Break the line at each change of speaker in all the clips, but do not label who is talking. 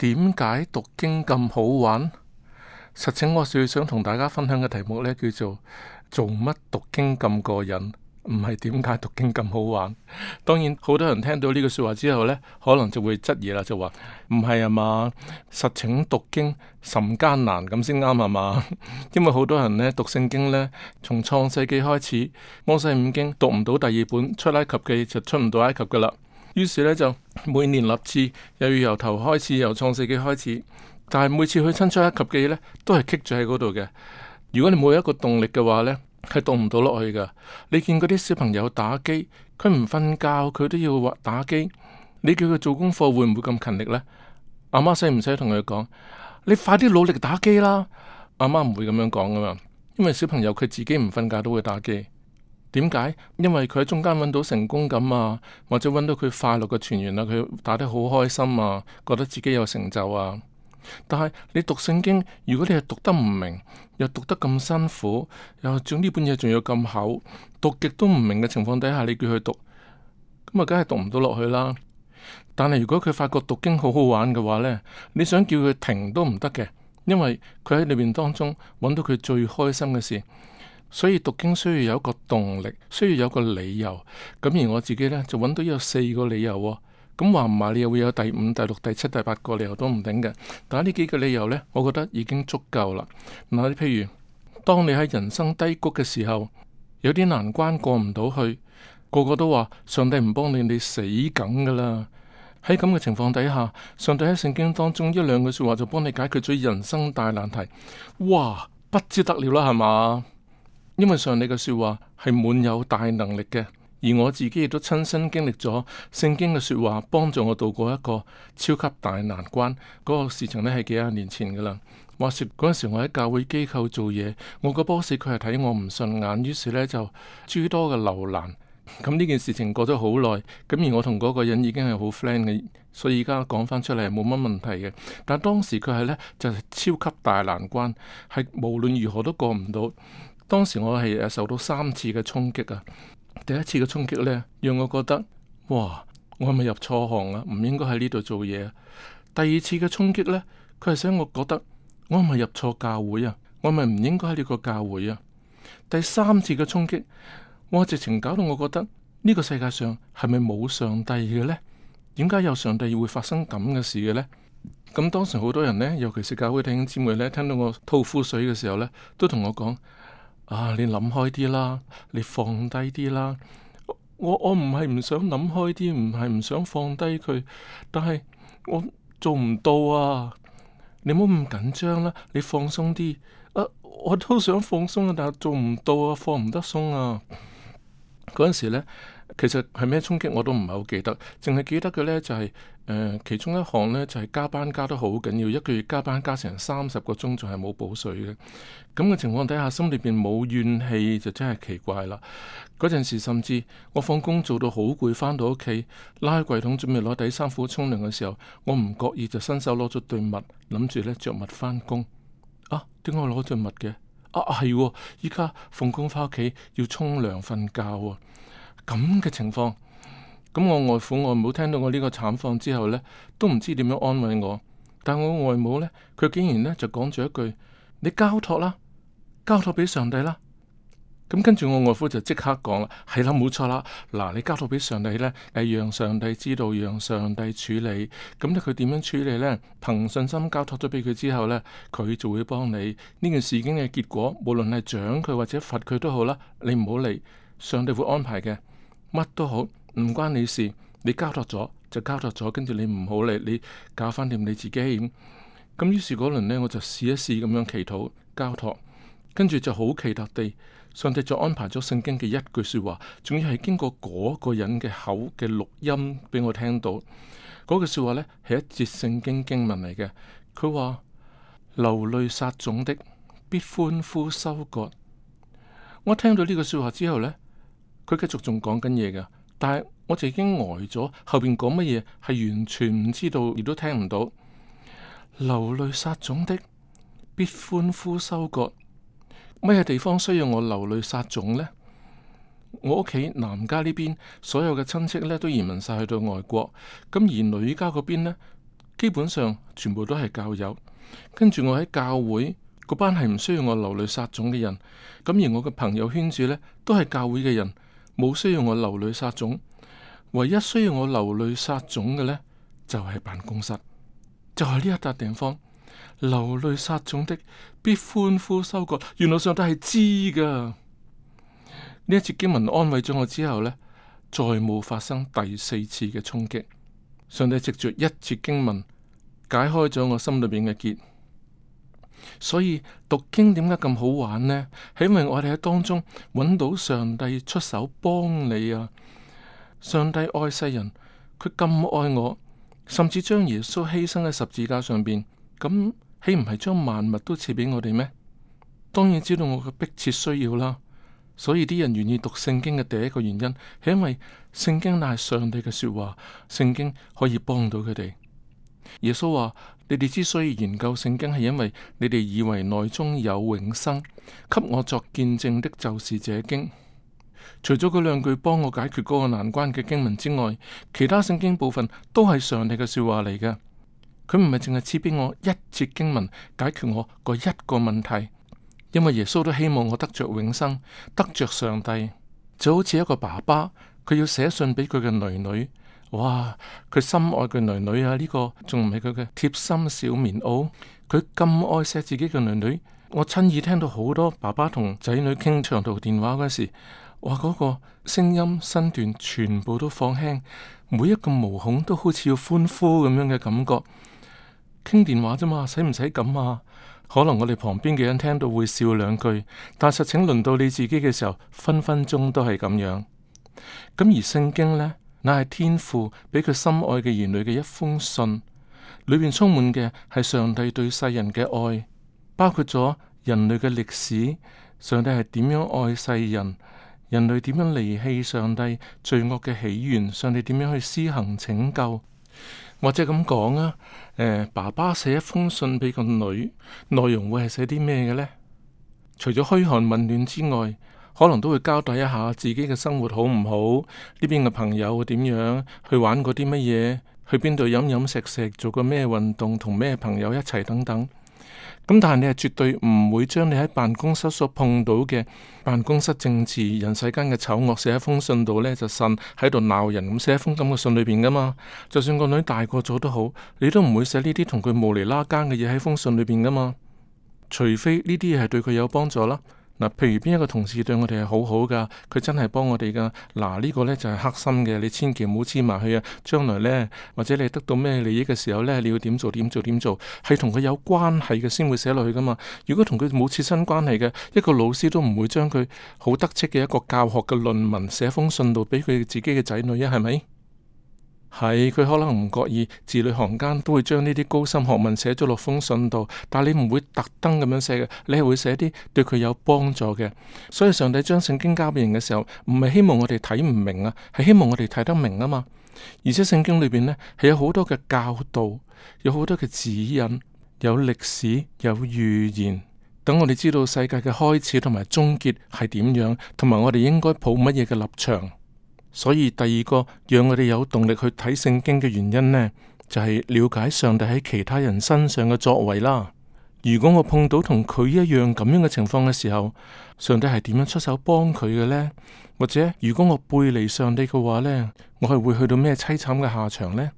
點解讀經咁好玩？實情我最想同大家分享嘅題目呢，叫做做乜讀經咁過癮？唔係點解讀經咁好玩？當然，好多人聽到呢句說話之後呢，可能就會質疑啦，就話唔係啊嘛？實情讀經甚艱難咁先啱啊嘛？因為好多人呢，讀聖經呢，從創世紀開始，摩西五經讀唔到第二本出埃及記，就出唔到埃及噶啦。於是咧就每年立志，又要由頭開始，由創世紀開始。但係每次去親出埃及記嘅嘢咧，都係棘住喺嗰度嘅。如果你冇一個動力嘅話咧，係動唔到落去嘅。你見嗰啲小朋友打機，佢唔瞓覺，佢都要畫打機。你叫佢做功課，會唔會咁勤力呢？阿媽使唔使同佢講？你快啲努力打機啦！阿媽唔會咁樣講噶嘛，因為小朋友佢自己唔瞓覺都會打機。點解？因為佢喺中間揾到成功感啊，或者揾到佢快樂嘅泉源啊，佢打得好開心啊，覺得自己有成就啊。但係你讀聖經，如果你係讀得唔明，又讀得咁辛苦，又仲呢本嘢，仲要咁厚，讀極都唔明嘅情況底下，你叫佢讀，咁啊，梗係讀唔到落去啦。但係如果佢發覺讀經好好玩嘅話呢，你想叫佢停都唔得嘅，因為佢喺裏面當中揾到佢最開心嘅事。所以讀經需要有一個動力，需要有個理由。咁而我自己呢，就揾到有四個理由喎、哦。咁話唔埋你又會有第五、第六、第七、第八個理由都唔定嘅。但係呢幾個理由呢，我覺得已經足夠啦。嗱，譬如當你喺人生低谷嘅時候，有啲難關過唔到去，個個都話上帝唔幫你，你死梗噶啦。喺咁嘅情況底下，上帝喺聖經當中一兩句說話就幫你解決咗人生大難題。哇，不知得了啦，係嘛？因為上帝嘅說話係滿有大能力嘅，而我自己亦都親身經歷咗聖經嘅說話幫助我度過一個超級大難關。嗰、那個事情呢係幾廿年前噶啦。話說嗰陣、那個、時我喺教會機構做嘢，我個 boss 佢係睇我唔順眼，於是呢就諸多嘅流難。咁呢件事情過咗好耐，咁而我同嗰個人已經係好 friend 嘅，所以而家講翻出嚟係冇乜問題嘅。但當時佢係呢，就係、是、超級大難關，係無論如何都過唔到。當時我係受到三次嘅衝擊啊！第一次嘅衝擊呢，讓我覺得哇，我係咪入錯行啊？唔應該喺呢度做嘢啊！第二次嘅衝擊呢，佢係使我覺得我係咪入錯教會啊？我係咪唔應該喺呢個教會啊？第三次嘅衝擊，哇！直情搞到我覺得呢個世界上係咪冇上帝嘅呢？點解有上帝會發生咁嘅事嘅呢？咁當時好多人呢，尤其是教會弟兄姊妹呢，聽到我吐苦水嘅時候呢，都同我講。啊！你諗開啲啦，你放低啲啦。我我唔係唔想諗開啲，唔係唔想放低佢，但係我做唔到啊！你唔好咁緊張啦，你放鬆啲。啊，我都想放鬆啊，但係做唔到啊，放唔得鬆啊。嗰陣時咧。其實係咩衝擊我都唔係好記得，淨係記得嘅呢就係、是、誒、呃、其中一項呢，就係、是、加班加得好緊要，一個月加班加成三十個鐘，仲係冇補水嘅咁嘅情況底下，心裏邊冇怨氣就真係奇怪啦。嗰陣時甚至我放工做到好攰，翻到屋企拉起櫃桶準備攞底衫褲沖涼嘅時候，我唔覺意就伸手攞咗對襪，諗住呢着襪翻工啊？點解我攞著襪嘅啊？係依家放工翻屋企要沖涼瞓覺喎、啊。咁嘅情況，咁我外父外母聽到我呢個慘況之後呢，都唔知點樣安慰我。但我外母呢，佢竟然呢就講咗一句，你交託啦，交託俾上帝啦。咁跟住我外父就即刻講、哎、啦，係啦，冇錯啦，嗱，你交託俾上帝呢，係讓上帝知道，讓上帝處理。咁咧，佢點樣處理呢？憑信心交託咗俾佢之後呢，佢就會幫你。呢件事件嘅結果，無論係獎佢或者罰佢都好啦，你唔好理，上帝會安排嘅。乜都好，唔關你事。你交託咗就交託咗，跟住你唔好理，你搞翻掂你自己咁。咁於是嗰輪呢，我就試一試咁樣祈禱交託，跟住就好奇特地，上帝就安排咗聖經嘅一句說話，仲要係經過嗰個人嘅口嘅錄音俾我聽到。嗰句說話呢，係一節聖經經文嚟嘅，佢話流淚撒種的必歡呼收割。我聽到呢句說話之後呢。佢繼續仲講緊嘢嘅，但係我就已經呆咗，後邊講乜嘢係完全唔知道，亦都聽唔到。流淚撒種的，必歡呼收割。乜嘢地方需要我流淚撒種呢？我屋企男家呢邊所有嘅親戚呢都移民晒去到外國，咁而女家嗰邊呢，基本上全部都係教友。跟住我喺教會嗰班係唔需要我流淚撒種嘅人，咁而我嘅朋友圈子呢，都係教會嘅人。冇需要我流淚撒種，唯一需要我流淚撒種嘅呢，就係辦公室，就係呢一笪地方。流淚撒種的，必歡呼收割。原來上帝係知噶，呢一次經文安慰咗我之後呢，再冇發生第四次嘅衝擊。上帝藉住一次經文，解開咗我心裏邊嘅結。所以讀經點解咁好玩呢？係因為我哋喺當中揾到上帝出手幫你啊！上帝愛世人，佢咁愛我，甚至將耶穌犧牲喺十字架上邊，咁豈唔係將萬物都賜俾我哋咩？當然知道我嘅迫切需要啦。所以啲人願意讀聖經嘅第一個原因，係因為聖經乃係上帝嘅說話，聖經可以幫到佢哋。耶穌話。你哋之所以研究聖經，係因為你哋以為內中有永生，給我作見證的就是這經。除咗嗰兩句幫我解決嗰個難關嘅經文之外，其他聖經部分都係上帝嘅說話嚟嘅。佢唔係淨係賜俾我一節經文解決我嗰一個問題，因為耶穌都希望我得着永生，得着上帝。就好似一個爸爸，佢要寫信俾佢嘅女女。哇！佢深愛嘅女女啊，呢個仲唔係佢嘅貼心小棉襖？佢咁愛錫自己嘅女女，我親耳聽到好多爸爸同仔女傾長途電話嗰時，哇，嗰個聲音、身段全部都放輕，每一個毛孔都好似要歡呼咁樣嘅感覺。傾電話啫嘛，使唔使咁啊？可能我哋旁邊嘅人聽到會笑兩句，但實情輪到你自己嘅時候，分分鐘都係咁樣。咁而聖經呢？乃係天父俾佢心愛嘅兒女嘅一封信，裏面充滿嘅係上帝對世人嘅愛，包括咗人類嘅歷史，上帝係點樣愛世人，人類點樣離棄上帝，罪惡嘅起源，上帝點樣去施行拯救，或者咁講啊？誒、呃，爸爸寫一封信俾個女，內容會係寫啲咩嘅呢？除咗噓寒問暖之外。可能都會交代一下自己嘅生活好唔好，呢邊嘅朋友點樣，去玩過啲乜嘢，去邊度飲飲食食，做過咩運動，同咩朋友一齊等等。咁但係你係絕對唔會將你喺辦公室所碰到嘅辦公室政治、人世間嘅醜惡寫喺封信度呢，就呻喺度鬧人咁寫一封咁嘅信裏邊噶嘛。就算個女大個咗都好，你都唔會寫呢啲同佢無厘拉更嘅嘢喺封信裏邊噶嘛。除非呢啲嘢係對佢有幫助啦。嗱，譬如邊一個同事對我哋係好好噶，佢真係幫我哋噶。嗱，呢個呢就係黑心嘅，你千祈唔好黐埋去啊！將來呢，或者你得到咩利益嘅時候呢，你要點做點做點做，係同佢有關係嘅先會寫落去噶嘛。如果同佢冇切身關係嘅，一個老師都唔會將佢好得戚嘅一個教學嘅論文寫封信到俾佢自己嘅仔女啊，係咪？係佢可能唔覺意，字裏行間都會將呢啲高深學問寫咗落封信度，但係你唔會特登咁樣寫嘅，你係會寫啲對佢有幫助嘅。所以上帝將聖經交俾人嘅時候，唔係希望我哋睇唔明啊，係希望我哋睇得明啊嘛。而且聖經裏邊呢，係有好多嘅教導，有好多嘅指引，有歷史，有預言，等我哋知道世界嘅開始同埋終結係點樣，同埋我哋應該抱乜嘢嘅立場。所以第二個讓我哋有動力去睇聖經嘅原因呢，就係了解上帝喺其他人身上嘅作為啦。如果我碰到同佢一樣咁樣嘅情況嘅時候，上帝係點樣出手幫佢嘅呢？或者如果我背離上帝嘅話呢，我係會去到咩淒慘嘅下場呢？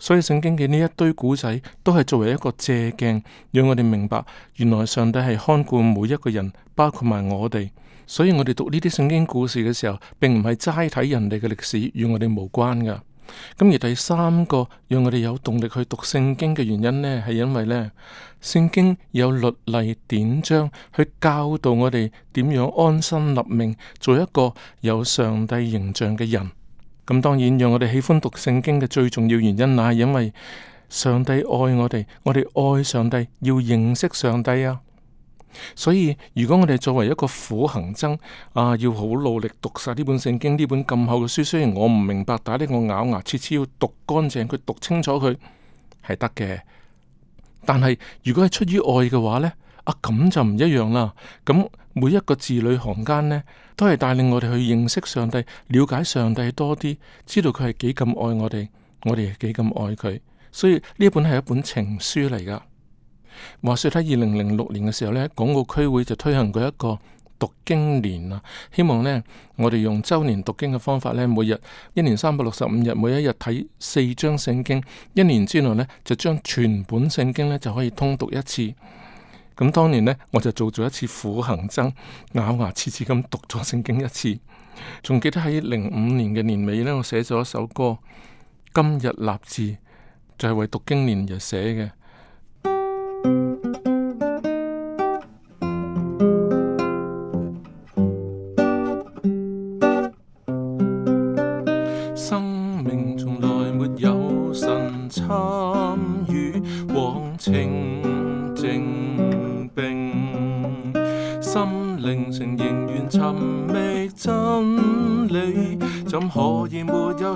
所以聖經嘅呢一堆古仔都係作為一個借鏡，讓我哋明白原來上帝係看顧每一個人，包括埋我哋。所以我哋讀呢啲聖經故事嘅時候，並唔係齋睇人哋嘅歷史，與我哋無關噶。咁而第三個讓我哋有動力去讀聖經嘅原因呢，係因為呢：聖經有律例典章去教導我哋點樣安身立命，做一個有上帝形象嘅人。咁當然，讓我哋喜歡讀聖經嘅最重要原因，乃係因為上帝愛我哋，我哋愛上帝，要認識上帝啊。所以，如果我哋作為一個苦行僧啊，要好努力讀晒呢本聖經呢本咁厚嘅書，雖然我唔明白，但係我咬牙切齒要讀乾淨，佢讀清楚佢係得嘅。但係如果係出於愛嘅話呢，啊咁就唔一樣啦。咁每一個字裏行間呢，都係帶領我哋去認識上帝，了解上帝多啲，知道佢係幾咁愛我哋，我哋係幾咁愛佢。所以呢本係一本情書嚟㗎。話說喺二零零六年嘅時候呢，港澳區會就推行過一個讀經年啊，希望呢，我哋用周年讀經嘅方法呢，每日一年三百六十五日，每一日睇四章聖經，一年之內呢就將全本聖經呢就可以通讀一次。咁當年呢，我就做咗一次苦行僧，咬牙切齒咁讀咗聖經一次。仲記得喺零五年嘅年尾呢，我寫咗一首歌《今日立志》，就係、是、為讀經年而寫嘅。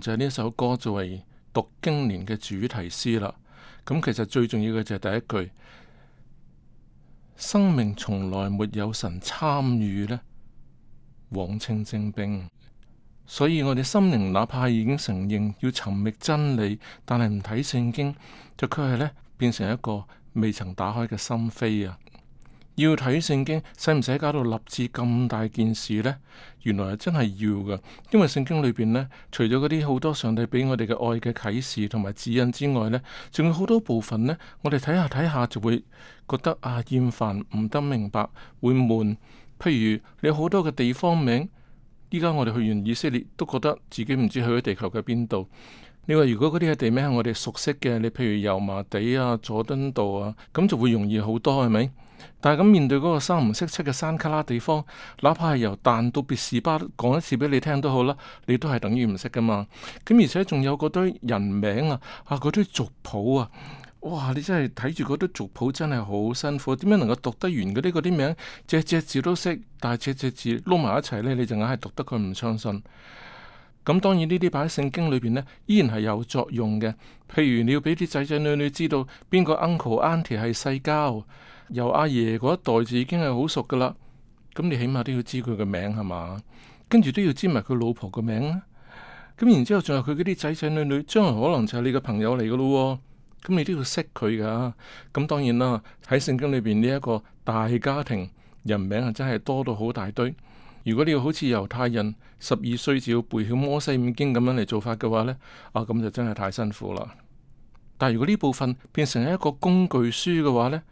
就係呢首歌作為讀經年嘅主題詩啦。咁其實最重要嘅就係第一句：生命從來沒有神參與呢，枉稱精兵。所以我哋心靈哪怕已經承認要尋覓真理，但係唔睇聖經，就卻係咧變成一個未曾打開嘅心扉啊！要睇聖經，使唔使搞到立志咁大件事呢？原來真係要㗎，因為聖經裏邊呢，除咗嗰啲好多上帝俾我哋嘅愛嘅啟示同埋指引之外呢，仲有好多部分呢，我哋睇下睇下就會覺得啊厭煩，唔得明白，會悶。譬如你好多嘅地方名，依家我哋去完以色列都覺得自己唔知去咗地球嘅邊度。你話如果嗰啲嘅地名係我哋熟悉嘅，你譬如油麻地啊、佐敦道啊，咁就會容易好多，係咪？但係咁面對嗰個三唔識七嘅山卡拉地方，哪怕係由但到別是巴講一次俾你聽都好啦，你都係等於唔識噶嘛。咁而且仲有嗰堆人名啊，啊嗰堆族譜啊，哇！你真係睇住嗰堆族譜真係好辛苦。點樣能夠讀得完嗰啲嗰啲名？隻隻字都識，但係隻隻字撈埋一齊呢，你就硬係讀得佢唔相信。咁、嗯、當然呢啲擺喺聖經裏邊呢，依然係有作用嘅。譬如你要俾啲仔仔女女知道邊個 uncle auntie 係世交。由阿爺嗰一代就已經係好熟噶啦，咁你起碼都要知佢嘅名係嘛，跟住都要知埋佢老婆個名啊，咁然之後仲有佢嗰啲仔仔女女，將來可能就係你嘅朋友嚟噶咯，咁你都要識佢噶，咁當然啦，喺聖經裏邊呢一個大家庭，人名係真係多到好大堆，如果你要好似猶太人十二歲就要背曉摩西五經咁樣嚟做法嘅話呢，啊咁就真係太辛苦啦。但係如果呢部分變成一個工具書嘅話呢。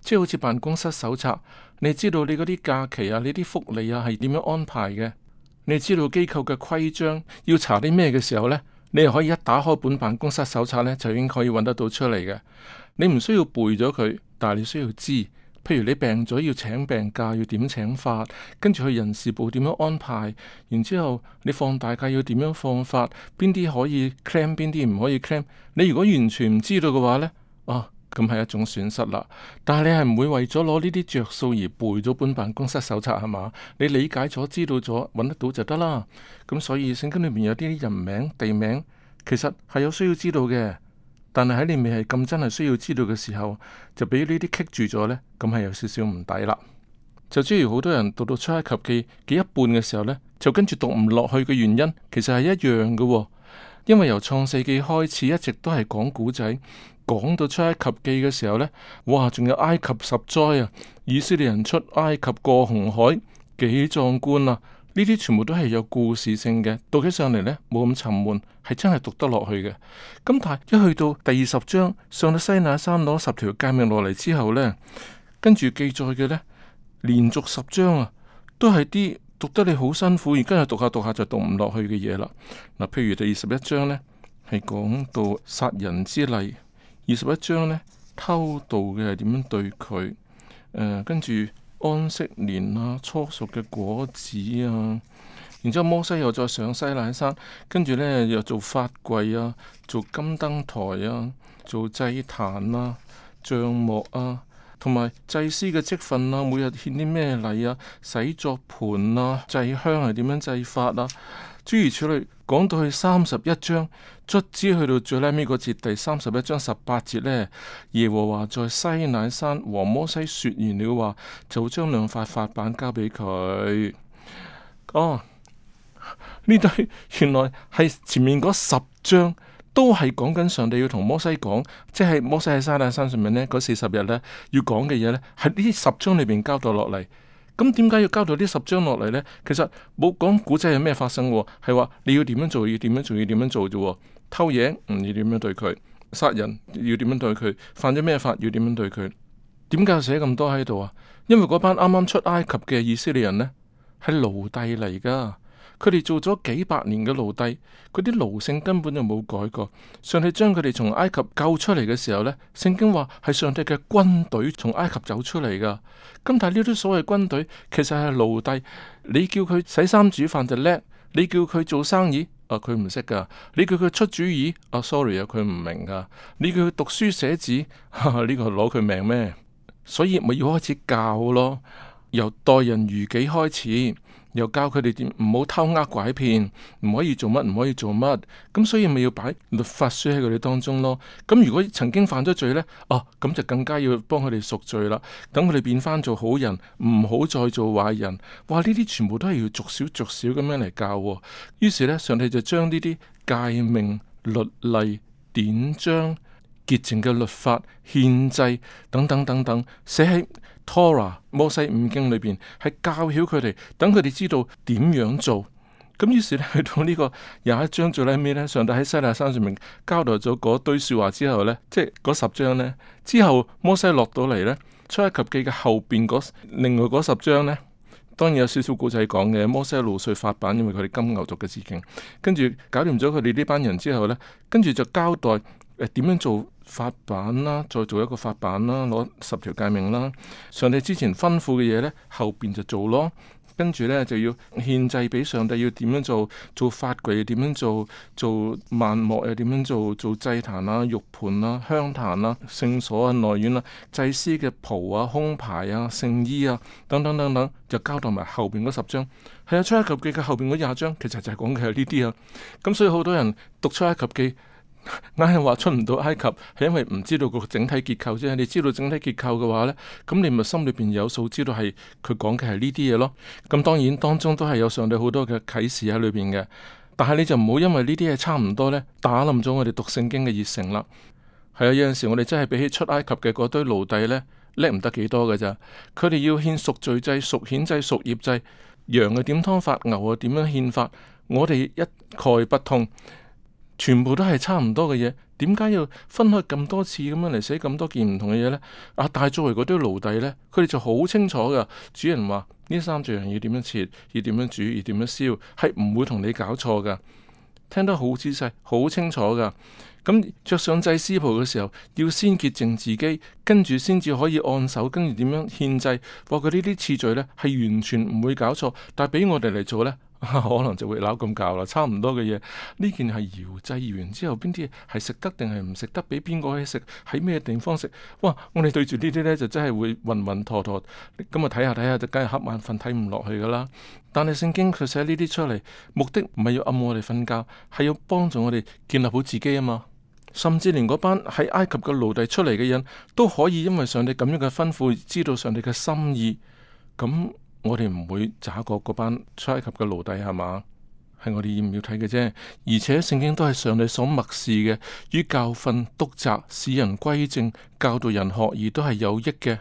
即係好似辦公室手冊，你知道你嗰啲假期啊，你啲福利啊係點樣安排嘅？你知道機構嘅規章要查啲咩嘅時候呢，你係可以一打開本辦公室手冊呢，就已經可以揾得到出嚟嘅。你唔需要背咗佢，但係你需要知。譬如你病咗要請病假要點請法，跟住去人事部點樣安排。然之後你放大假要點樣放法，邊啲可以 claim，邊啲唔可以 claim。你如果完全唔知道嘅話呢？咁係一種損失啦，但係你係唔會為咗攞呢啲着數而背咗本辦公室手冊係嘛？你理解咗、知道咗、揾得到就得啦。咁所以聖經裏面有啲人名、地名，其實係有需要知道嘅，但係喺你未係咁真係需要知道嘅時候，就俾呢啲棘住咗呢，咁係有少少唔抵啦。就諸如好多人讀到出埃及記嘅一半嘅時候呢，就跟住讀唔落去嘅原因，其實係一樣嘅，哦，因為由創世紀開始一直都係講古仔。講到出埃及記嘅時候呢，哇，仲有埃及十災啊！以色列人出埃及過紅海，幾壯觀啊！呢啲全部都係有故事性嘅，讀起上嚟呢，冇咁沉悶，係真係讀得落去嘅。咁但係一去到第二十章，上到西乃山攞十條誡命落嚟之後呢，跟住記載嘅呢，連續十章啊，都係啲讀得你好辛苦，而家又讀下讀下就讀唔落去嘅嘢啦。嗱，譬如第二十一章呢，係講到殺人之例。二十一章咧，偷盜嘅係點樣對佢？誒、呃，跟住安息年啊，初熟嘅果子啊，然之後摩西又再上西乃山，跟住咧又做法櫃啊，做金燈台啊，做祭壇啊，帳幕啊，同埋祭司嘅職分啊，每日獻啲咩禮啊，洗作盤啊，祭香係點樣祭法啊，諸如此類。講到去三十一章，卒之，去到最尾嗰節第三十一章十八節呢，耶和華在西乃山和摩西說完了話，就將兩塊法版交俾佢。哦，呢堆原來係前面嗰十章都係講緊上帝要同摩西講，即係摩西喺西乃山上面呢嗰四十日呢要講嘅嘢呢，喺呢十章裏邊交代落嚟。咁點解要交代呢十章落嚟咧？其實冇講古仔有咩發生，係話你要點樣做，要點樣做，要點樣做啫。偷嘢唔、嗯、要點樣對佢，殺人要點樣對佢，犯咗咩法要點樣對佢？點解要寫咁多喺度啊？因為嗰班啱啱出埃及嘅以色列人咧，係奴隸嚟噶。佢哋做咗幾百年嘅奴隸，佢啲奴性根本就冇改過。上帝將佢哋從埃及救出嚟嘅時候呢，聖經話係上帝嘅軍隊從埃及走出嚟噶咁但係呢啲所謂軍隊，其實係奴隸，你叫佢洗衫煮飯就叻，你叫佢做生意，啊佢唔識噶你叫佢出主意，啊 sorry 啊佢唔明噶你叫佢讀書寫字呢，啊，這個攞佢命咩？所以咪要開始教咯，由待人如己開始。又教佢哋點唔好偷呃拐騙，唔可以做乜，唔可以做乜，咁所以咪要擺律法書喺佢哋當中咯。咁如果曾經犯咗罪呢，哦、啊，咁就更加要幫佢哋贖罪啦。等佢哋變翻做好人，唔好再做壞人。哇！呢啲全部都係要逐少逐少咁樣嚟教。於是呢，上帝就將呢啲誡命律例典章、潔淨嘅律法、憲制等等等等，寫喺《Tora》摩西五經裏邊，係教曉佢哋，等佢哋知道點樣做。咁於是咧，去到呢個廿一章最屘尾咧，上帝喺西奈山上面交代咗嗰堆說話之後呢，即係嗰十章呢。之後，摩西落到嚟呢，《出埃及記》嘅後邊嗰另外嗰十章呢，當然有少少故仔講嘅。摩西路續法版，因為佢哋金牛族嘅事情，跟住搞掂咗佢哋呢班人之後呢，跟住就交代誒點、呃、樣做。法版啦、啊，再做一個法版啦、啊，攞十條誡命啦。上帝之前吩咐嘅嘢咧，後邊就做咯。跟住咧就要獻祭俾上帝，要點樣做？做法櫃又點樣做？做幔幕又點樣做？做祭壇啊、玉盤啊、香壇啊、聖所啊、內院啊、祭司嘅袍啊、胸牌啊、聖衣啊，等等等等，就交代埋後邊嗰十章。係啊，出埃及記嘅後邊嗰廿章，其實就係講嘅係呢啲啊。咁所以好多人讀出埃及記。硬係話出唔到埃及，係因為唔知道個整體結構啫。你知道整體結構嘅話呢，咁你咪心裏邊有數，知道係佢講嘅係呢啲嘢咯。咁當然當中都係有上帝好多嘅啟示喺裏邊嘅。但係你就唔好因為呢啲嘢差唔多呢打冧咗我哋讀聖經嘅熱誠啦。係啊，有陣時我哋真係比起出埃及嘅嗰堆奴隸呢叻唔得幾多㗎咋。佢哋要獻贖罪祭、贖愆祭、贖業祭，羊啊點湯法，牛啊點樣獻法，我哋一概不通。全部都係差唔多嘅嘢，點解要分開咁多次咁樣嚟寫咁多件唔同嘅嘢呢？啊，但係作為嗰啲奴隸呢，佢哋就好清楚噶。主人話呢三樣要點樣切，要點樣煮，要點樣燒，係唔會同你搞錯噶。聽得好仔細，好清楚噶。咁着上祭司袍嘅時候，要先潔淨自己，跟住先至可以按手，跟住點樣獻祭，包括呢啲次序呢，係完全唔會搞錯。但係俾我哋嚟做呢。 可能就會鬧咁教啦，差唔多嘅嘢。呢件係搖祭完之後，邊啲係食得定係唔食得？俾邊個可以食？喺咩地方食？哇！我哋對住呢啲呢，就真係會暈暈陀陀。咁啊，睇下睇下，就梗係瞌眼瞓，睇唔落去噶啦。但係聖經佢寫呢啲出嚟，目的唔係要暗我哋瞓覺，係要幫助我哋建立好自己啊嘛。甚至連嗰班喺埃及嘅奴隸出嚟嘅人都可以因為上帝咁樣嘅吩咐，知道上帝嘅心意。咁我哋唔會渣過嗰班埃及嘅奴隸係嘛？係我哋要唔要睇嘅啫。而且聖經都係上帝所默示嘅，與教訓、督責、使人歸正、教導人學，而都係有益嘅，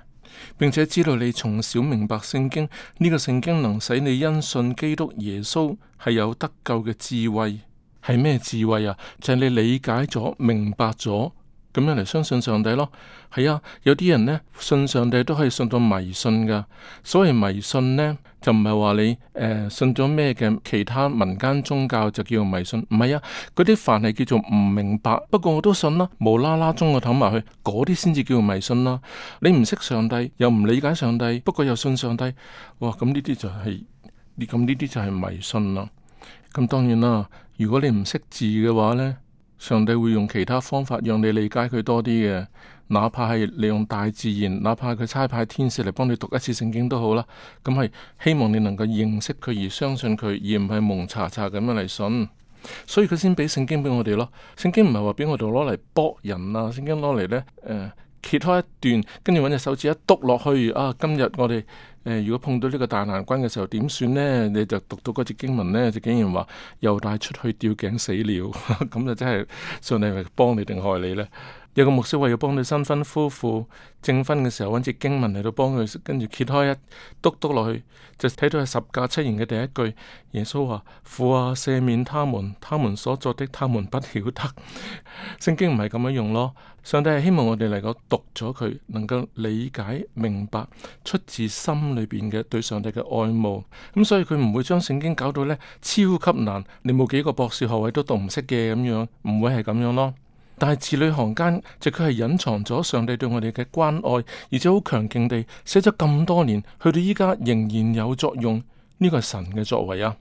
並且知道你從小明白聖經呢個聖經能使你因信基督耶穌係有得救嘅智慧。係咩智慧啊？就係、是、你理解咗、明白咗。咁樣嚟相信上帝咯，係啊，有啲人呢，信上帝都可以信到迷信噶。所謂迷信呢，就唔係話你誒、呃、信咗咩嘅其他民間宗教就叫做迷信，唔係啊，嗰啲凡係叫做唔明白。不過我都信啦，無啦啦中我氹埋去，嗰啲先至叫做迷信啦。你唔識上帝，又唔理解上帝，不過又信上帝，哇，咁呢啲就係咁呢啲就係迷信啦。咁當然啦、啊，如果你唔識字嘅話呢。上帝會用其他方法讓你理解佢多啲嘅，哪怕係利用大自然，哪怕係佢差派天使嚟幫你讀一次聖經都好啦。咁係希望你能夠認識佢而相信佢，而唔係蒙查查咁樣嚟信。所以佢先俾聖經俾我哋咯。聖經唔係話俾我哋攞嚟駁人啊，聖經攞嚟咧誒。呃揭開一段，跟住揾隻手指一篤落去啊！今日我哋誒、呃，如果碰到呢個大難關嘅時候點算呢？你就讀到嗰節經文呢，就竟然話又帶出去吊頸死了，咁 就真係上帝係幫你定害你呢？有個牧師話要幫你新婚夫婦證婚嘅時候，揾隻經文嚟到幫佢，跟住揭開一督，督落去，就睇到係十架七言嘅第一句。耶穌話：父啊，赦免他們，他們所作的，他們不曉得。 聖經唔係咁樣用咯，上帝係希望我哋嚟到讀咗佢，能夠理解明白出自心裏邊嘅對上帝嘅愛慕。咁、嗯、所以佢唔會將聖經搞到咧超級難，你冇幾個博士學位都讀唔識嘅咁樣，唔會係咁樣咯。但係字裏行間，就佢係隱藏咗上帝對我哋嘅關愛，而且好強勁地寫咗咁多年，去到依家仍然有作用。呢、這個係神嘅作為啊！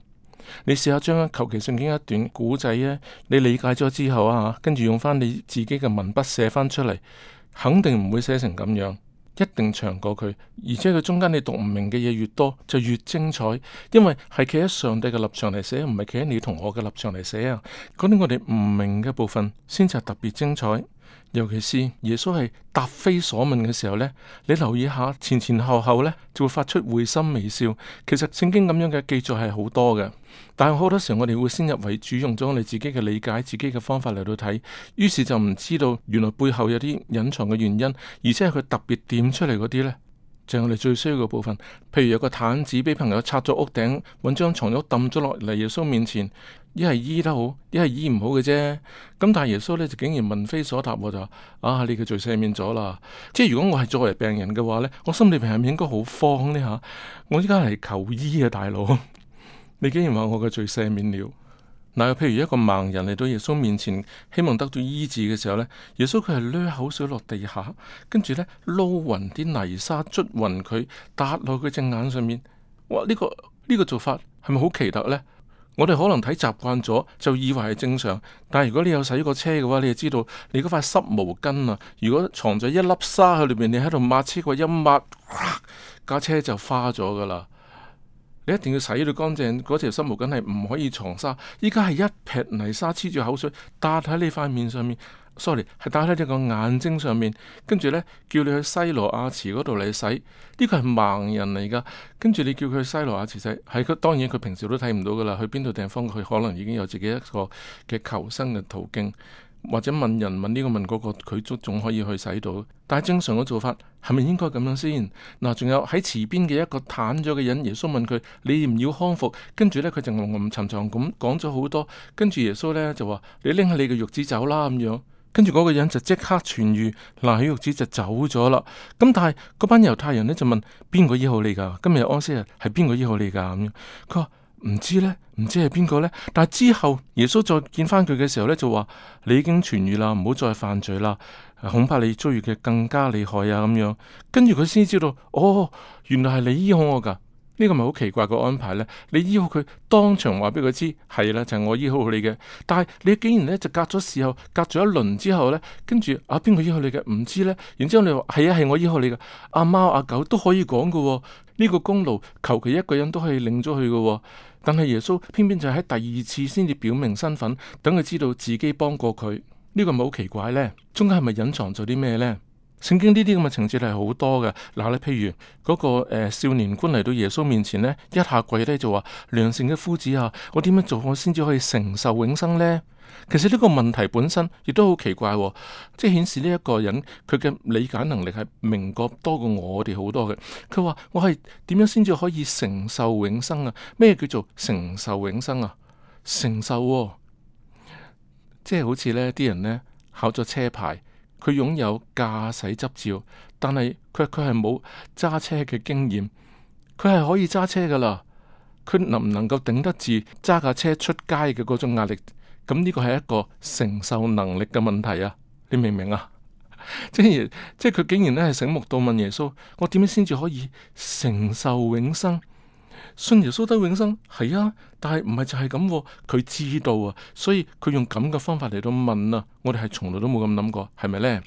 你試下將求其聖經一段古仔咧，你理解咗之後啊，跟住用翻你自己嘅文筆寫翻出嚟，肯定唔會寫成咁樣。一定長過佢，而且佢中間你讀唔明嘅嘢越多，就越精彩，因為係企喺上帝嘅立場嚟寫，唔係企喺你同我嘅立場嚟寫啊！啲我哋唔明嘅部分，先至係特別精彩。尤其是耶穌係答非所問嘅時候呢，你留意下前前後後呢，就會發出會心微笑。其實聖經咁樣嘅記載係好多嘅，但係好多時候我哋會先入為主，用咗你自己嘅理解、自己嘅方法嚟到睇，於是就唔知道原來背後有啲隱藏嘅原因，而且係佢特別點出嚟嗰啲呢，就係我哋最需要嘅部分。譬如有個毯子俾朋友拆咗屋頂，揾張床褥揼咗落嚟耶穌面前。一係醫得好，一係醫唔好嘅啫。咁但係耶穌咧就竟然問非所答我，我就話：啊，你嘅罪赦免咗啦！即係如果我係作為病人嘅話咧，我心裏面係唔應該好慌呢。嚇、啊。我依家嚟求醫啊，大佬！ 你竟然話我嘅罪赦免了。嗱、啊，譬如一個盲人嚟到耶穌面前，希望得到醫治嘅時候咧，耶穌佢係甩口水落地下，跟住咧撈勻啲泥沙，捽勻佢，搭落佢隻眼上面。哇！呢、這個呢、這個做法係咪好奇特咧？我哋可能睇習慣咗，就以為係正常。但係如果你有洗過車嘅話，你就知道你嗰塊濕毛巾啊，如果藏咗一粒沙喺裏面，你喺度抹車嗰一抹，架車就花咗㗎喇。你一定要洗到乾淨，嗰條濕毛巾係唔可以藏沙。依家係一撇泥沙黐住口水，笪喺你塊面上面。Sorry，係打喺你個眼睛上面，跟住呢，叫你去西羅亞池嗰度嚟洗。呢個係盲人嚟㗎，跟住你叫佢去西羅亞池洗，喺佢當然佢平時都睇唔到㗎啦。去邊度地方佢可能已經有自己一個嘅求生嘅途徑，或者問人問呢個問嗰個，佢都仲可以去洗到。但係正常嘅做法係咪應該咁樣先？嗱，仲有喺池邊嘅一個癱咗嘅人，耶穌問佢：你唔要康復？跟住呢，佢就暗沉沉咁講咗好多。跟住耶穌呢，就話：你拎下你嘅褥子走啦咁樣。跟住嗰個人就即刻痊愈，拿起褥子就走咗啦。咁但係嗰班猶太人咧就問，邊個醫好你噶今日安息日係邊個醫好你噶咁樣佢話唔知咧，唔知係邊個咧。但係之後耶穌再見翻佢嘅時候咧就話：你已經痊愈啦，唔好再犯罪啦。恐怕你遭遇嘅更加厲害啊咁樣。跟住佢先知道，哦，原來係你醫好我噶。呢個咪好奇怪個安排呢？你醫好佢，當場話俾佢知係啦，就係、是、我醫好你嘅。但係你竟然呢，就隔咗時候，隔咗一輪之後呢，跟住啊邊個醫好你嘅唔知呢。然之後你話係啊係我醫好你嘅。阿、啊、貓阿、啊啊、狗都可以講噶、哦，呢、這個功勞求其一個人都可以領咗佢噶、哦。但係耶穌偏偏就喺第二次先至表明身份，等佢知道自己幫過佢。呢、這個咪好奇怪呢？中間係咪隱藏咗啲咩呢？聖經呢啲咁嘅情節係好多嘅，嗱咧，譬如嗰、那個誒、呃、少年官嚟到耶穌面前呢一下跪低就話：良善嘅夫子啊，我點樣做我先至可以承受永生呢？」其實呢個問題本身亦都好奇怪、哦，即係顯示呢一個人佢嘅理解能力係明覺多過我哋好多嘅。佢話我係點樣先至可以承受永生啊？咩叫做承受永生啊？承受、哦，即係好似呢啲人呢，考咗車牌。佢擁有駕駛執照，但係佢佢係冇揸車嘅經驗，佢係可以揸車㗎喇，佢能唔能夠頂得住揸架車出街嘅嗰種壓力？咁呢個係一個承受能力嘅問題啊！你明唔明啊？ 即係即係佢竟然咧係醒目到問耶穌：我點樣先至可以承受永生？信耶穌得永生係啊，但係唔係就係咁喎，佢知道啊，所以佢用咁嘅方法嚟到問啊，我哋係從來都冇咁諗過，係咪呢？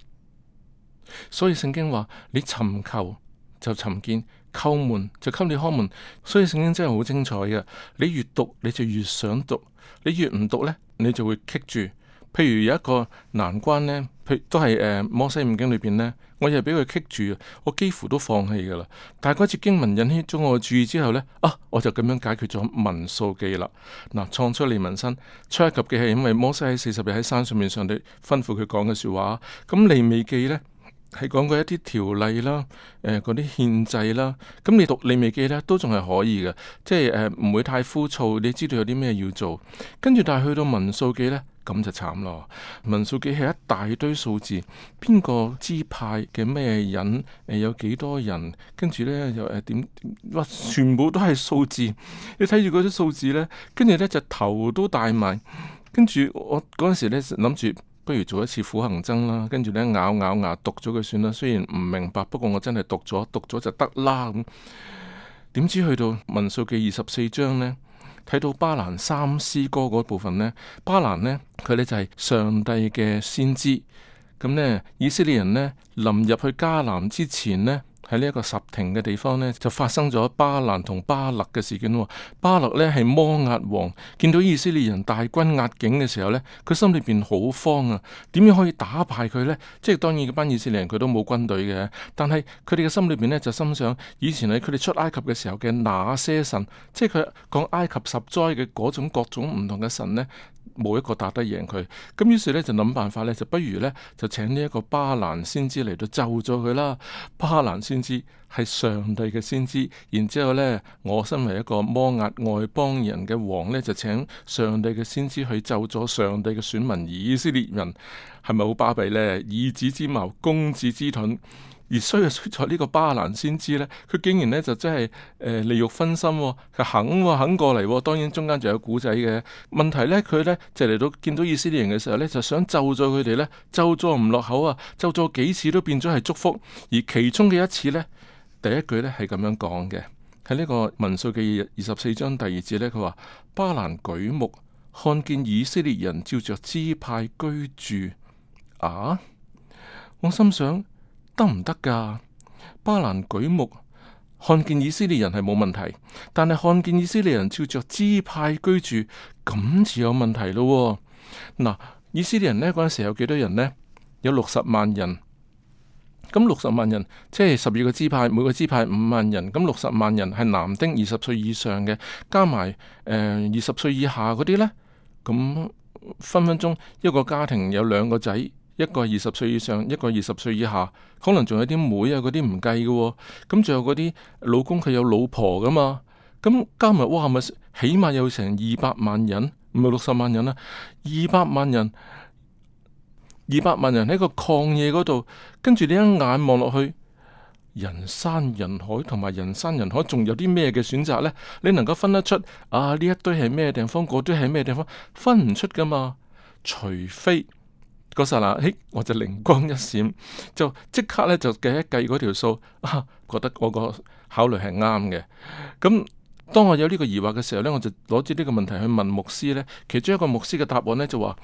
所以聖經話你尋求就尋見，叩門就給你開門，所以聖經真係好精彩嘅。你越讀你就越想讀，你越唔讀呢，你就會棘住。譬如有一個難關呢，佢都係誒、呃、摩西五經裏邊呢，我又俾佢棘住，我幾乎都放棄噶啦。但係嗰節經文引起咗我嘅注意之後呢，啊，我就咁樣解決咗民數記啦。嗱，創出利民申出埃及記嘅係因為摩西喺四十日喺山上面上帝吩咐佢講嘅說話。咁、啊、利未記呢，係講過一啲條例啦，誒嗰啲憲制啦。咁、啊、你讀利未記呢，都仲係可以嘅，即係誒唔會太枯燥，你知道有啲咩要做。跟住但係去到民數記呢。咁就慘咯！《民數記》係一大堆數字，邊個支派嘅咩人？誒、呃，有幾多人？跟住呢，又、呃、誒點，點、呃？全部都係數字，你睇住嗰啲數字呢，跟住呢就頭都大埋。跟住我嗰陣時呢諗住，不如做一次苦行僧啦。跟住呢，咬咬牙讀咗佢算啦。雖然唔明白，不過我真係讀咗，讀咗就得啦。咁點知去到《民數記》二十四章呢？睇到巴蘭三詩歌嗰部分呢，巴蘭呢，佢呢就係上帝嘅先知，咁呢，以色列人呢，臨入去迦南之前呢。喺呢一個十亭嘅地方呢，就發生咗巴蘭同巴勒嘅事件、哦、巴勒呢係摩押王，見到以色列人大軍壓境嘅時候呢，佢心裏邊好慌啊！點樣可以打敗佢呢？即係當然嗰班以色列人佢都冇軍隊嘅，但係佢哋嘅心裏邊呢，就心想，以前係佢哋出埃及嘅時候嘅那些神，即係佢講埃及十災嘅嗰種各種唔同嘅神呢。冇一個打得贏佢，咁於是咧就諗辦法咧，就不如咧就請呢一個巴蘭先知嚟到咒咗佢啦。巴蘭先知係上帝嘅先知，然之後咧，我身為一個摩押外邦人嘅王咧，就請上帝嘅先知去咒咗上帝嘅選民以色列人，係咪好巴閉呢？以子之矛攻子之盾。而衰就、啊、衰在、啊、呢個巴蘭先知呢，佢竟然呢就真係誒利欲熏心、哦，佢肯喎、啊、肯過嚟喎、哦。當然中間仲有古仔嘅問題呢，佢呢就嚟到見到以色列人嘅時候呢，就想咒咗佢哋呢，咒咗唔落口啊，咒咗幾次都變咗係祝福。而其中嘅一次呢，第一句呢係咁樣講嘅，喺呢個民數記嘅二十四章第二節呢，佢話巴蘭舉目看見以色列人照着支派居住啊，我心想。得唔得噶？巴蘭舉目看見以色列人係冇問題，但係看見以色列人照着支派居住咁就有問題咯。嗱，以色列人呢嗰陣時有幾多人呢？有六十萬人。咁六十萬人即係十二個支派，每個支派五萬人。咁六十萬人係男丁二十歲以上嘅，加埋誒二十歲以下嗰啲呢，咁分分鐘一個家庭有兩個仔。一個二十歲以上，一個二十歲以下，可能仲有啲妹、妹啊，嗰啲唔計噶。咁仲有嗰啲老公佢有老婆噶嘛？咁加埋，哇，係咪起碼有成二百萬人，唔係六十萬人啦，二百萬人，二百萬人喺個曠野嗰度，跟住你一眼望落去，人山人海，同埋人山人海，仲有啲咩嘅選擇呢？你能夠分得出啊？呢一堆係咩地方，嗰堆係咩地方？分唔出噶嘛？除非。嗰時嘿，我就靈光一閃，就即刻咧就計一計嗰條數，啊，覺得我個考慮係啱嘅。咁、嗯、當我有呢個疑惑嘅時候呢，我就攞住呢個問題去問牧師呢，其中一個牧師嘅答案呢，就話：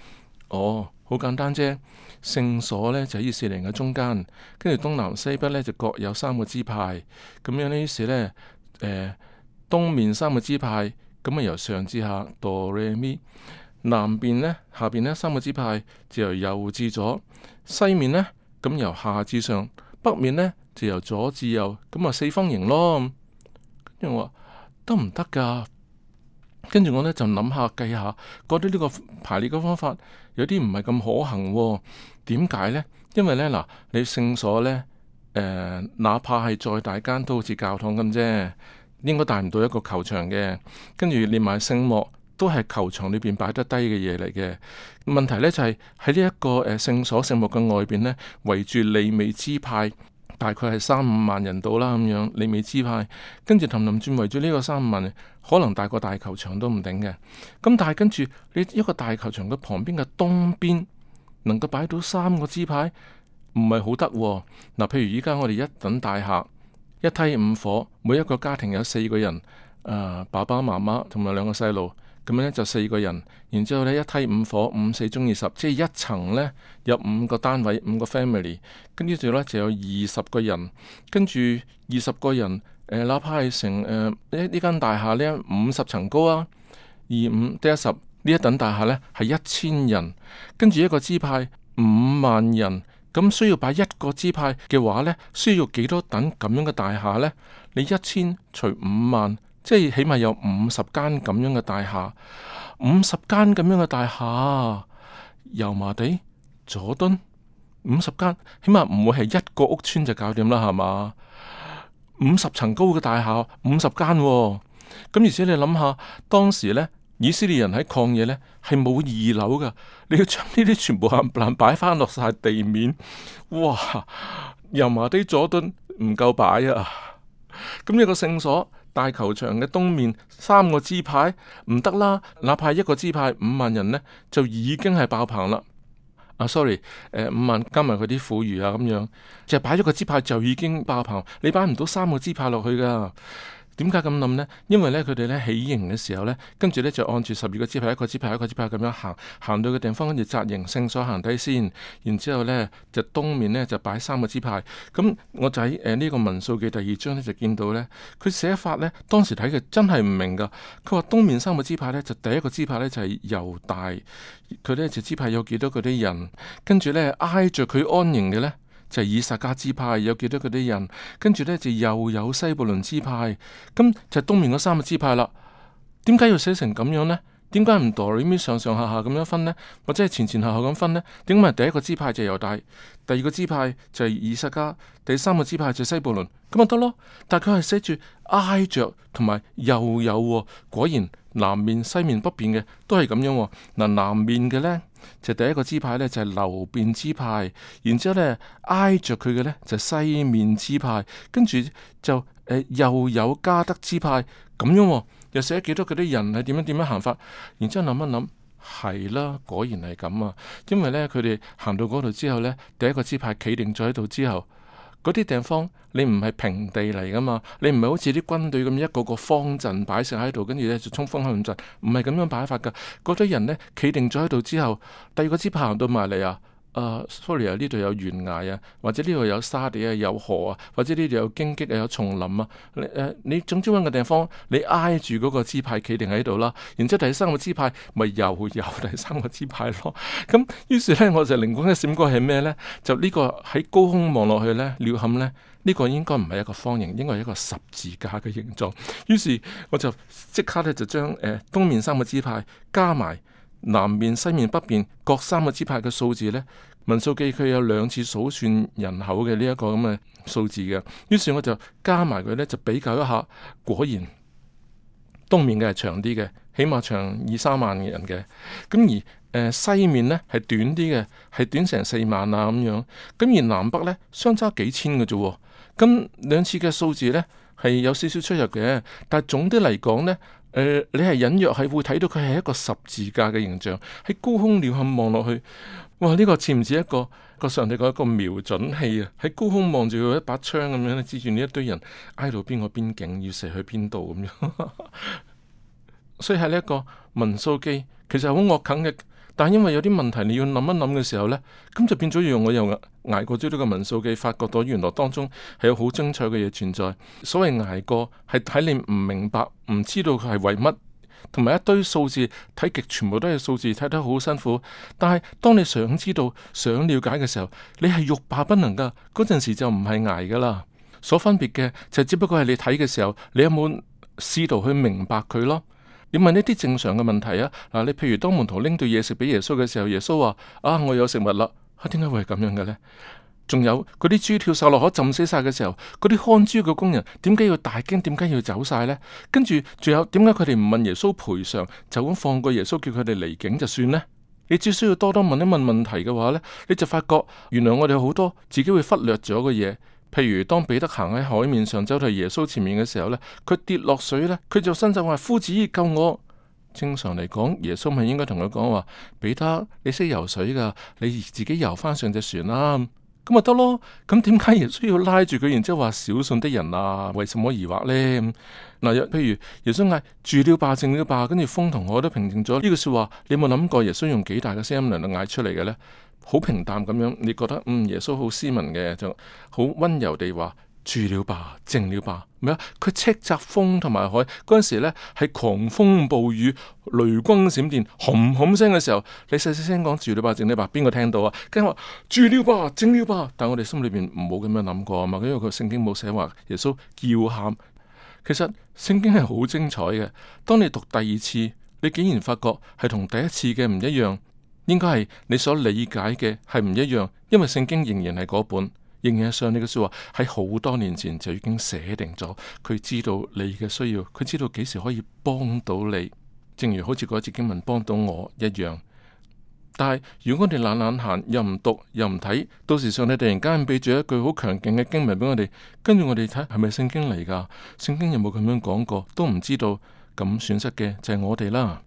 哦，好簡單啫，聖所呢就喺以色列嘅中間，跟住東南西北呢就各有三個支派。咁樣呢，於是呢，誒、呃、東面三個支派，咁啊由上至下哆唻咪。Do, Re, Mi, 南邊呢，下邊呢三個支派，就由右至左；西面呢，咁由下至上；北面呢，就由左至右，咁啊四方形咯。跟住我話得唔得噶？跟住我呢，就諗下計下，覺得呢個排列嘅方法有啲唔係咁可行。點解呢？因為呢，嗱，你聖所呢，誒、呃，哪怕係再大間，都好似教堂咁啫，應該大唔到一個球場嘅。跟住連埋聖幕。都係球場裏邊擺得低嘅嘢嚟嘅。問題呢，就係喺呢一個誒聖所聖幕嘅外邊呢，圍住利未支派大概係三五萬人度啦咁樣。利未支派跟住氹氹轉圍住呢個三五萬，可能大過大球場都唔定嘅。咁但係跟住呢一個大球場嘅旁邊嘅東邊能夠擺到三個支派，唔係好得。嗱、啊，譬如依家我哋一等大廈一梯五伙，每一個家庭有四個人，誒、啊、爸爸媽媽同埋兩個細路。咁樣呢就四個人，然之後呢，一梯五火，五四中二十，即係一層呢，有五個單位，五個 family，跟住呢，就有二十個人，跟住二十個人，誒、呃、哪怕係成誒呢呢間大廈呢，五十層高啊，二五得十，呢一等大廈呢，係一千人，跟住一個支派五萬人，咁、嗯、需要擺一個支派嘅話呢，需要幾多等咁樣嘅大廈呢？你一千除五萬。即係起碼有五十間咁樣嘅大廈，五十間咁樣嘅大廈，油麻地、佐敦，五十間起碼唔會係一個屋村就搞掂啦，係嘛？五十層高嘅大廈，五十間、哦，咁而且你諗下，當時呢，以色列人喺曠野呢，係冇二樓噶，你要將呢啲全部冚唪唥擺翻落晒地面，哇！油麻地、佐敦唔夠擺啊！咁、這、一個聖所。大球場嘅東面三個支派唔得啦，哪怕一個支派五萬人呢，就已經係爆棚啦。啊、uh、sorry、呃、五萬加埋佢啲婦孺啊，咁樣，就係擺咗個支派就已經爆棚，你擺唔到三個支派落去㗎。點解咁諗呢？因為咧佢哋咧起營嘅時候咧，跟住咧就按住十二個支派一個支派一個支派咁樣行，行到嘅地方跟住紮營，性所行低先。然之後咧就東面咧就擺三個支派。咁、嗯、我就喺呢、呃這個民數記第二章咧就見到咧，佢寫法咧當時睇嘅真係唔明㗎。佢話東面三個支派咧就第一個支派咧就係、是、猶大，佢咧就支派有幾多嗰啲人，跟住咧挨着佢安營嘅咧。就以薩迦支派有幾多嗰啲人，跟住咧就又有西布倫支派，咁就東面嗰三個支派啦。點解要寫成咁樣咧？點解唔哆呢啲上上下下咁樣分呢？或者係前前後後咁分呢？點解第一個支派就猶大，第二個支派就以薩迦，第三個支派就西布倫咁咪得咯？但係佢係寫住挨着同埋又有，果然南面、西面、北面嘅都係咁樣，哦。嗱，南面嘅呢，就第一個支派呢，就係、流便支派，然之後咧挨着佢嘅呢，就係、西面支派，跟住就誒、呃、又有加德支派咁樣，哦。又寫幾多嗰啲人係點樣點樣行法？然之後諗一諗，係啦，果然係咁啊！因為咧，佢哋行到嗰度之後咧，第一個支派企定咗喺度之後，嗰啲地方你唔係平地嚟噶嘛？你唔係好似啲軍隊咁一個個方陣擺成喺度，跟住咧就衝鋒陷陣，唔係咁樣擺法噶。嗰堆人咧，企定咗喺度之後，第二個支派行到埋嚟啊！Uh, Sorry 啊，follow 呢度有懸崖啊，或者呢度有沙地啊，有河啊，或者呢度有荊棘啊，有叢林啊，你誒、呃、你總之揾個地方，你挨住嗰個支派企定喺度啦，然之後第三個支派咪又有第三個支派咯，咁、嗯、於是咧我就靈光一閃，嗰係咩呢？就呢、這個喺高空望落去呢，鳥瞰呢，呢、這個應該唔係一個方形，應該係一個十字架嘅形狀。於是我就即刻咧就將誒、呃、東面三個支派加埋。南面、西面、北面各三個支派嘅數字呢，《民數記》佢有兩次數算人口嘅呢一個咁嘅數字嘅，於是我就加埋佢呢，就比較一下，果然東面嘅係長啲嘅，起碼長二三萬嘅人嘅，咁而誒西面呢，係短啲嘅，係短成四萬啊咁樣，咁而南北呢，相差幾千嘅啫喎，咁兩次嘅數字呢，係有少少出入嘅，但係總的嚟講呢。誒、呃，你係隱約係會睇到佢係一個十字架嘅形象，喺高空鳥瞰望落去，哇！呢、這個似唔似一個一個上帝嘅一個瞄準器啊？喺高空望住佢一把槍咁樣指住呢一堆人，挨到邊個邊境要射去邊度咁樣？ 所以係呢一個文素機，其實好惡啃嘅。但因為有啲問題你要諗一諗嘅時候呢，咁就變咗要我用挨過咗呢個文數記，發覺到原來當中係有好精彩嘅嘢存在。所謂挨過，係睇你唔明白，唔知道佢係為乜，同埋一堆數字睇極，全部都係數字，睇得好辛苦。但係當你想知道、想了解嘅時候，你係欲罷不能噶。嗰陣時就唔係挨噶啦。所分別嘅就只不過係你睇嘅時候，你有冇試圖去明白佢咯。你問呢啲正常嘅問題啊？嗱，你譬如當門徒拎到嘢食俾耶穌嘅時候，耶穌話：啊，我有食物啦！啊，點解會係咁樣嘅呢？仲有嗰啲豬跳晒落河浸死晒嘅時候，嗰啲看豬嘅工人點解要大驚？點解要走晒呢？跟住，仲有點解佢哋唔問耶穌賠償，就咁放過耶穌，叫佢哋離境就算呢？你只需要多多問一問問題嘅話呢，你就發覺原來我哋好多自己會忽略咗嘅嘢。譬如當彼得行喺海面上走到耶穌前面嘅時候咧，佢跌落水咧，佢就伸手話：夫子救我！正常嚟講，耶穌咪應該同佢講話：彼得，你識游水噶你自己游翻上隻船啦。啊，咁咪得咯。咁點解耶穌要拉住佢，然之後話：小信的人啊，為什麼疑惑呢？嗱，譬如耶穌嗌住了吧，靜了吧，跟住風同海都平靜咗。呢句說話，你有冇諗過耶穌用幾大嘅聲音量嚟嗌出嚟嘅咧？好平淡咁樣，你覺得嗯耶穌好斯文嘅，就好温柔地話，住了吧，靜了吧，咩啊？佢斥責風同埋海嗰陣時呢，係狂風暴雨、雷光閃電、轟轟聲嘅時候，你細細聲講，住了吧，靜了吧，邊個聽到啊？跟住話，住了吧，靜了吧，但係我哋心裏邊唔好咁樣諗過啊嘛，因為佢聖經冇寫話耶穌叫喊。其實聖經係好精彩嘅，當你讀第二次，你竟然發覺係同第一次嘅唔一樣。應該係你所理解嘅係唔一樣，因為聖經仍然係嗰本，仍然係上帝嘅書，喺好多年前就已經寫定咗。佢知道你嘅需要，佢知道幾時可以幫到你，正如好似嗰節經文幫到我一樣。但係如果我哋懶懶閒，又唔讀又唔睇，到時上帝突然間俾住一句好強勁嘅經文俾我哋，跟住我哋睇係咪聖經嚟噶？聖經有冇咁樣講過？都唔知道，咁損失嘅就係我哋啦。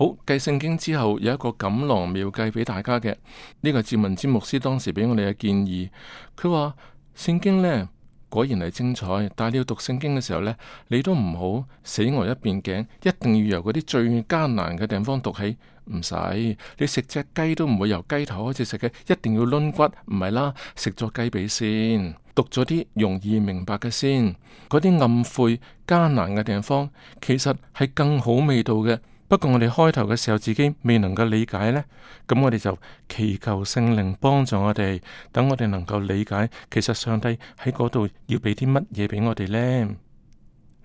好，繼聖經之後有一個錦囊妙計俾大家嘅，呢、這個是文之牧師當時俾我哋嘅建議。佢話聖經呢，果然係精彩，但係你要讀聖經嘅時候呢，你都唔好死呆一邊頸，一定要由嗰啲最艱難嘅地方讀起。唔使你食隻雞都唔會由雞頭開始食嘅，一定要攆骨，唔係啦，食咗雞髀先讀咗啲容易明白嘅先，嗰啲暗晦艱難嘅地方其實係更好味道嘅。不過我哋開頭嘅時候自己未能夠理解呢，咁我哋就祈求聖靈幫助我哋，等我哋能夠理解，其實上帝喺嗰度要俾啲乜嘢俾我哋呢。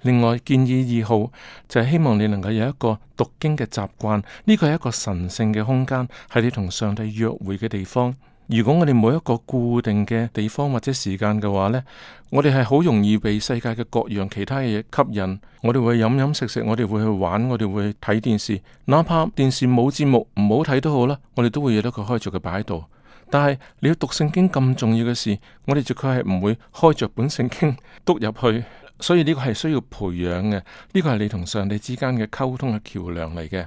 另外建議二號就係、是，希望你能夠有一個讀經嘅習慣，呢個係一個神聖嘅空間，係你同上帝約會嘅地方。如果我哋冇一個固定嘅地方或者時間嘅話呢，我哋係好容易被世界嘅各樣其他嘅嘢，吸引我哋會飲飲食食，我哋會去玩，我哋會睇電視，哪怕電視冇節目唔好睇都好啦，我哋都會讓得佢開著佢擺喺度。但係你要讀聖經咁重要嘅事，我哋絕對係唔會開着本聖經篤入去，所以呢個係需要培養嘅，呢個係你同上帝之間嘅溝通嘅橋樑嚟嘅。